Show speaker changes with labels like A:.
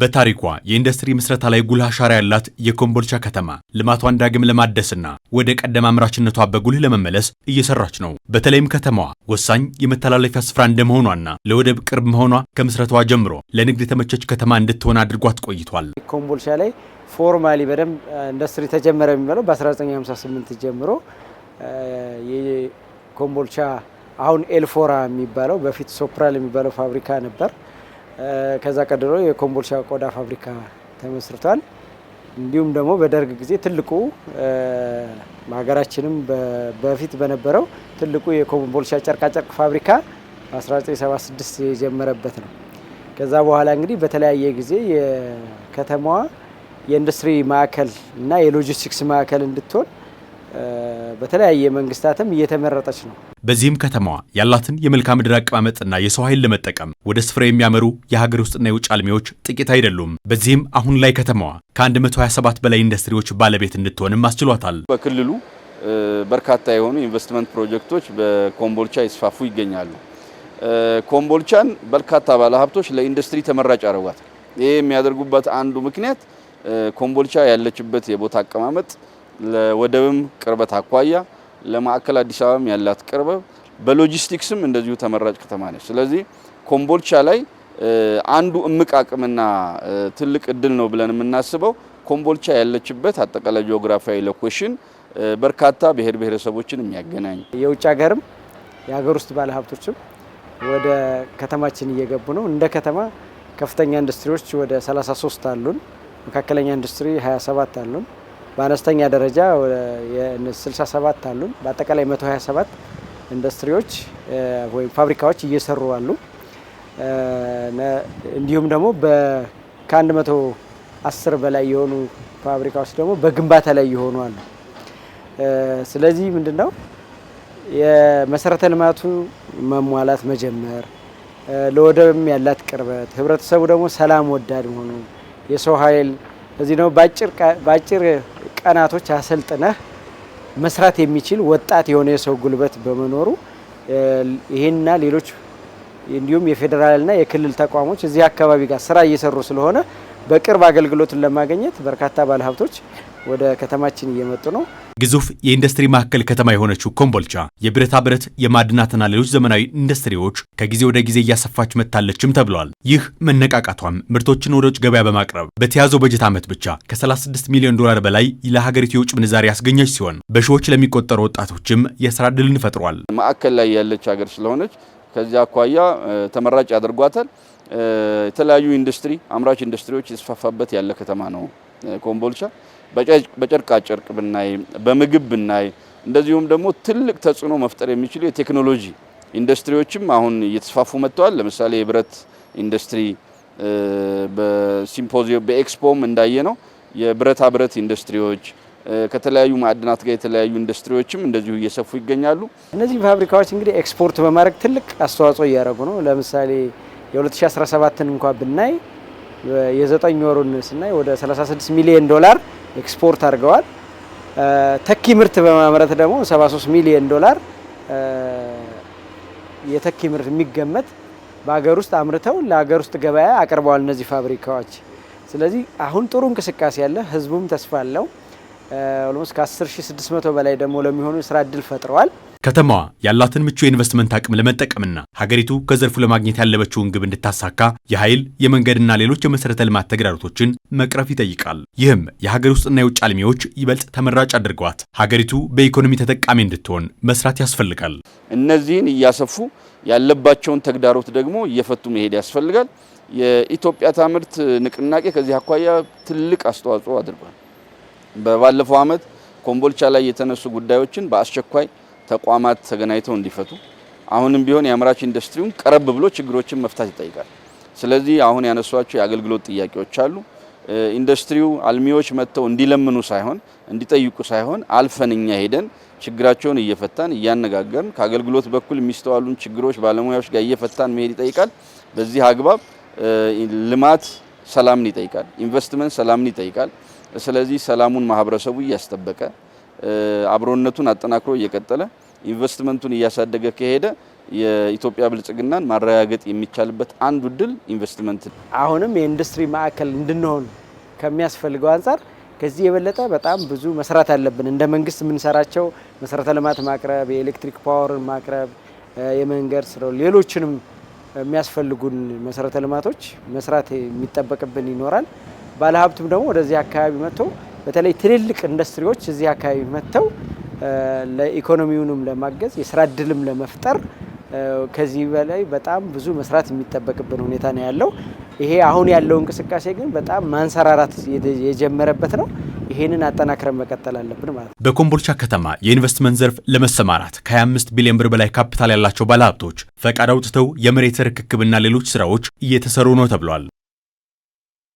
A: በታሪኳ የኢንዱስትሪ ምስረታ ላይ ጉልህ አሻራ ያላት የኮምቦልቻ ከተማ ልማቷን ዳግም ለማደስና ወደ ቀደም አምራችነቷ በጉልህ ለመመለስ እየሰራች ነው። በተለይም ከተማዋ ወሳኝ የመተላለፊያ ስፍራ እንደመሆኗና ለወደብ ቅርብ መሆኗ ከምስረቷ ጀምሮ ለንግድ የተመቸች ከተማ እንድትሆን አድርጓት ቆይቷል።
B: ኮምቦልቻ ላይ ፎርማሊ በደንብ ኢንዱስትሪ ተጀመረ የሚባለው በ1958 ጀምሮ የኮምቦልቻ አሁን ኤልፎራ የሚባለው በፊት ሶፕራል የሚባለው ፋብሪካ ነበር ከዛ ቀድሮ የኮምቦልቻ ቆዳ ፋብሪካ ተመስርቷል። እንዲሁም ደግሞ በደርግ ጊዜ ትልቁ በሀገራችንም በፊት በነበረው ትልቁ የኮምቦልቻ ጨርቃጨርቅ ፋብሪካ በ1976 የጀመረበት ነው። ከዛ በኋላ እንግዲህ በተለያየ ጊዜ የከተማዋ የኢንዱስትሪ ማዕከል እና የሎጂስቲክስ ማዕከል እንድትሆን በተለያየ መንግስታትም እየተመረጠች ነው።
A: በዚህም ከተማዋ ያላትን የመልክዓ ምድር አቀማመጥና የሰው ኃይል ለመጠቀም ወደ ስፍራ የሚያመሩ የሀገር ውስጥና የውጭ አልሚዎች ጥቂት አይደሉም። በዚህም አሁን ላይ ከተማዋ ከ127 በላይ ኢንዱስትሪዎች ባለቤት እንድትሆንም አስችሏታል።
C: በክልሉ በርካታ የሆኑ ኢንቨስትመንት ፕሮጀክቶች በኮምቦልቻ ይስፋፉ ይገኛሉ። ኮምቦልቻን በርካታ ባለሀብቶች ለኢንዱስትሪ ተመራጭ ያደርጓታል። ይህ የሚያደርጉበት አንዱ ምክንያት ኮምቦልቻ ያለችበት የቦታ አቀማመጥ ለወደብም ቅርበት አኳያ ለማዕከል አዲስ አበባም ያላት ቅርበት በሎጂስቲክስም እንደዚሁ ተመራጭ ከተማ ነች። ስለዚህ ኮምቦልቻ ላይ አንዱ እምቅ አቅምና ትልቅ እድል ነው ብለን የምናስበው ኮምቦልቻ ያለችበት አጠቃላይ ጂኦግራፊያዊ ሎኬሽን በርካታ ብሔር ብሔረሰቦችን የሚያገናኝ
B: የውጭ ሀገርም የሀገር ውስጥ ባለሀብቶችም ወደ ከተማችን እየገቡ ነው። እንደ ከተማ ከፍተኛ ኢንዱስትሪዎች ወደ 33 አሉን። መካከለኛ ኢንዱስትሪ 27 አሉን። በአነስተኛ ደረጃ 67 አሉን። በአጠቃላይ 127 ኢንዱስትሪዎች ወይም ፋብሪካዎች እየሰሩ አሉ። እንዲሁም ደግሞ ከ110 በላይ የሆኑ ፋብሪካዎች ደግሞ በግንባታ ላይ የሆኑ አሉ። ስለዚህ ምንድን ነው የመሰረተ ልማቱ መሟላት መጀመር፣ ለወደብም ያላት ቅርበት፣ ህብረተሰቡ ደግሞ ሰላም ወዳድ መሆኑ የሰው ኃይል እዚህ ደግሞ በአጭር ቀናቶች አሰልጥነህ መስራት የሚችል ወጣት የሆነ የሰው ጉልበት በመኖሩ ይህንና ሌሎች እንዲሁም የፌዴራልና የክልል ተቋሞች እዚህ አካባቢ ጋር ስራ እየሰሩ ስለሆነ በቅርብ አገልግሎትን ለማግኘት በርካታ ባለሀብቶች ወደ ከተማችን እየመጡ ነው።
A: ግዙፍ የኢንዱስትሪ ማዕከል ከተማ የሆነችው ኮምቦልቻ የብረታ ብረት የማዕድናትና ሌሎች ዘመናዊ ኢንዱስትሪዎች ከጊዜ ወደ ጊዜ እያሰፋች መጥታለችም ተብሏል። ይህ መነቃቃቷም ምርቶችን ወደ ውጭ ገበያ በማቅረብ በተያዘው በጀት ዓመት ብቻ ከ36 ሚሊዮን ዶላር በላይ ለሀገሪቱ የውጭ ምንዛሪ ያስገኘች ሲሆን በሺዎች ለሚቆጠሩ ወጣቶችም የስራ እድልን ፈጥሯል።
C: ማዕከል ላይ ያለች ሀገር ስለሆነች ከዚያ አኳያ ተመራጭ ያደርጓታል። የተለያዩ ኢንዱስትሪ አምራች ኢንዱስትሪዎች የተስፋፋበት ያለ ከተማ ነው ኮምቦልቻ። በጨርቃጨርቅ ብናይ፣ በምግብ ብናይ፣ እንደዚሁም ደግሞ ትልቅ ተጽዕኖ መፍጠር የሚችሉ የቴክኖሎጂ ኢንዱስትሪዎችም አሁን እየተስፋፉ መጥተዋል። ለምሳሌ የብረት ኢንዱስትሪ በሲምፖዚየም በኤክስፖም እንዳየ ነው። የብረታ ብረት ኢንዱስትሪዎች ከተለያዩ ማዕድናት ጋር የተለያዩ ኢንዱስትሪዎችም እንደዚሁ እየሰፉ ይገኛሉ።
B: እነዚህ ፋብሪካዎች እንግዲህ ኤክስፖርት በማድረግ ትልቅ አስተዋጽኦ እያደረጉ ነው። ለምሳሌ የ2017ን እንኳ ብናይ የዘጠኝ ወሩን ስናይ ወደ 36 ሚሊዮን ዶላር ኤክስፖርት አድርገዋል። ተኪ ምርት በማምረት ደግሞ 73 ሚሊዮን ዶላር የተኪ ምርት የሚገመት በሀገር ውስጥ አምርተው ለሀገር ውስጥ ገበያ አቅርበዋል እነዚህ ፋብሪካዎች። ስለዚህ አሁን ጥሩ እንቅስቃሴ ያለ፣ ህዝቡም ተስፋ አለው። ኦልሞስት ከ10600 በላይ ደግሞ ለሚሆኑ ስራ እድል ፈጥረዋል።
A: ከተማዋ ያላትን ምቹ የኢንቨስትመንት አቅም ለመጠቀምና ሀገሪቱ ከዘርፉ ለማግኘት ያለበችውን ግብ እንድታሳካ የኃይል የመንገድና ሌሎች የመሠረተ ልማት ተግዳሮቶችን መቅረፍ ይጠይቃል። ይህም የሀገር ውስጥና የውጭ አልሚዎች ይበልጥ ተመራጭ አድርገዋት ሀገሪቱ በኢኮኖሚ ተጠቃሚ እንድትሆን መስራት ያስፈልጋል።
C: እነዚህን እያሰፉ ያለባቸውን ተግዳሮት ደግሞ እየፈቱ መሄድ ያስፈልጋል። የኢትዮጵያ ታምርት ንቅናቄ ከዚህ አኳያ ትልቅ አስተዋጽኦ አድርጓል። በባለፈው ዓመት ኮምቦልቻ ላይ የተነሱ ጉዳዮችን በአስቸኳይ ተቋማት ተገናኝተው እንዲፈቱ አሁንም ቢሆን የአምራች ኢንዱስትሪውን ቀረብ ብሎ ችግሮችን መፍታት ይጠይቃል። ስለዚህ አሁን ያነሷቸው የአገልግሎት ጥያቄዎች አሉ። ኢንዱስትሪው አልሚዎች መጥተው እንዲለምኑ ሳይሆን እንዲጠይቁ ሳይሆን አልፈን እኛ ሄደን ችግራቸውን እየፈታን እያነጋገርን ከአገልግሎት በኩል የሚስተዋሉን ችግሮች ባለሙያዎች ጋር እየፈታን መሄድ ይጠይቃል። በዚህ አግባብ ልማት ሰላምን ይጠይቃል፣ ኢንቨስትመንት ሰላምን ይጠይቃል። ስለዚህ ሰላሙን ማህበረሰቡ እያስጠበቀ አብሮነቱን አጠናክሮ እየቀጠለ ኢንቨስትመንቱን እያሳደገ ከሄደ የኢትዮጵያ ብልጽግናን ማረጋገጥ የሚቻልበት አንዱ ድል ኢንቨስትመንት ነው።
B: አሁንም የኢንዱስትሪ ማዕከል እንድንሆን ከሚያስፈልገው አንጻር ከዚህ የበለጠ በጣም ብዙ መስራት አለብን። እንደ መንግስት የምንሰራቸው መሰረተ ልማት ማቅረብ፣ የኤሌክትሪክ ፓወርን ማቅረብ፣ የመንገድ ስራው፣ ሌሎችንም የሚያስፈልጉን መሰረተ ልማቶች መስራት የሚጠበቅብን ይኖራል። ባለሀብቱም ደግሞ ወደዚህ አካባቢ መጥተው በተለይ ትልልቅ ኢንዱስትሪዎች እዚህ አካባቢ መጥተው ለኢኮኖሚውንም ለማገዝ የስራ እድልም ለመፍጠር ከዚህ በላይ በጣም ብዙ መስራት የሚጠበቅብን ሁኔታ ነው ያለው። ይሄ አሁን ያለው እንቅስቃሴ ግን በጣም ማንሰራራት የጀመረበት ነው። ይህንን አጠናክረን መቀጠል አለብን ማለት ነው።
A: በኮምቦልቻ ከተማ የኢንቨስትመንት ዘርፍ ለመሰማራት ከ25 ቢሊዮን ብር በላይ ካፒታል ያላቸው ባለሀብቶች ፈቃድ አውጥተው የመሬት ርክክብና ሌሎች ስራዎች እየተሰሩ ነው ተብሏል።